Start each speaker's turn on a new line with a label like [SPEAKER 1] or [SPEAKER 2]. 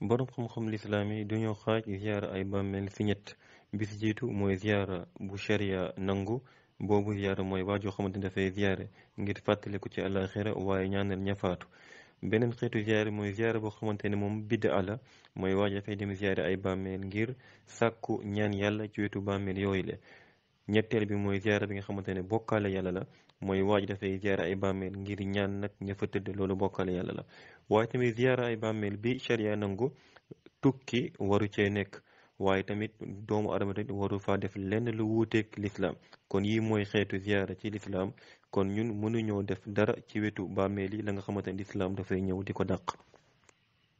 [SPEAKER 1] borom xam-xam lislaam yi dañoo xaaj ziyaara ay bàmmeel fi ñett bi jiitu mooy ziyaara bu sharia nangu boobu ziyaara mooy waajoo xamante ni dafay ziyaare ngir fàttaliku ci àllaaxira waaye ñaanal ñafaatu beneen xeetu ziyaare mooy ziyaare boo xamante ne moom bidda ala mooy waaj dafay dem ay bàmmeel ngir sàkku ñaan yàlla ci wetu bàmmeel yooyu le ñetteel bi mooy ziyaara bi nga xamante ne bokkaale yàlla la mooy waaj dafay ziyaara ay bàmmeel ngir ñaan nag ña fa tëdd loolu bokkaale yàlla la waaye tamit ziyaara ay bàmmeel bi sharia nangu tukki waru cee nekk waaye tamit doomu adama tamit waru faa def lenn lu wuuteeg lislaam kon yi mooy xeetu ziyaara ci lislaam kon ñun mënuñoo def dara ci wetu bàmmeel la nga xamante ne lislaam dafay ñëw di ko dàq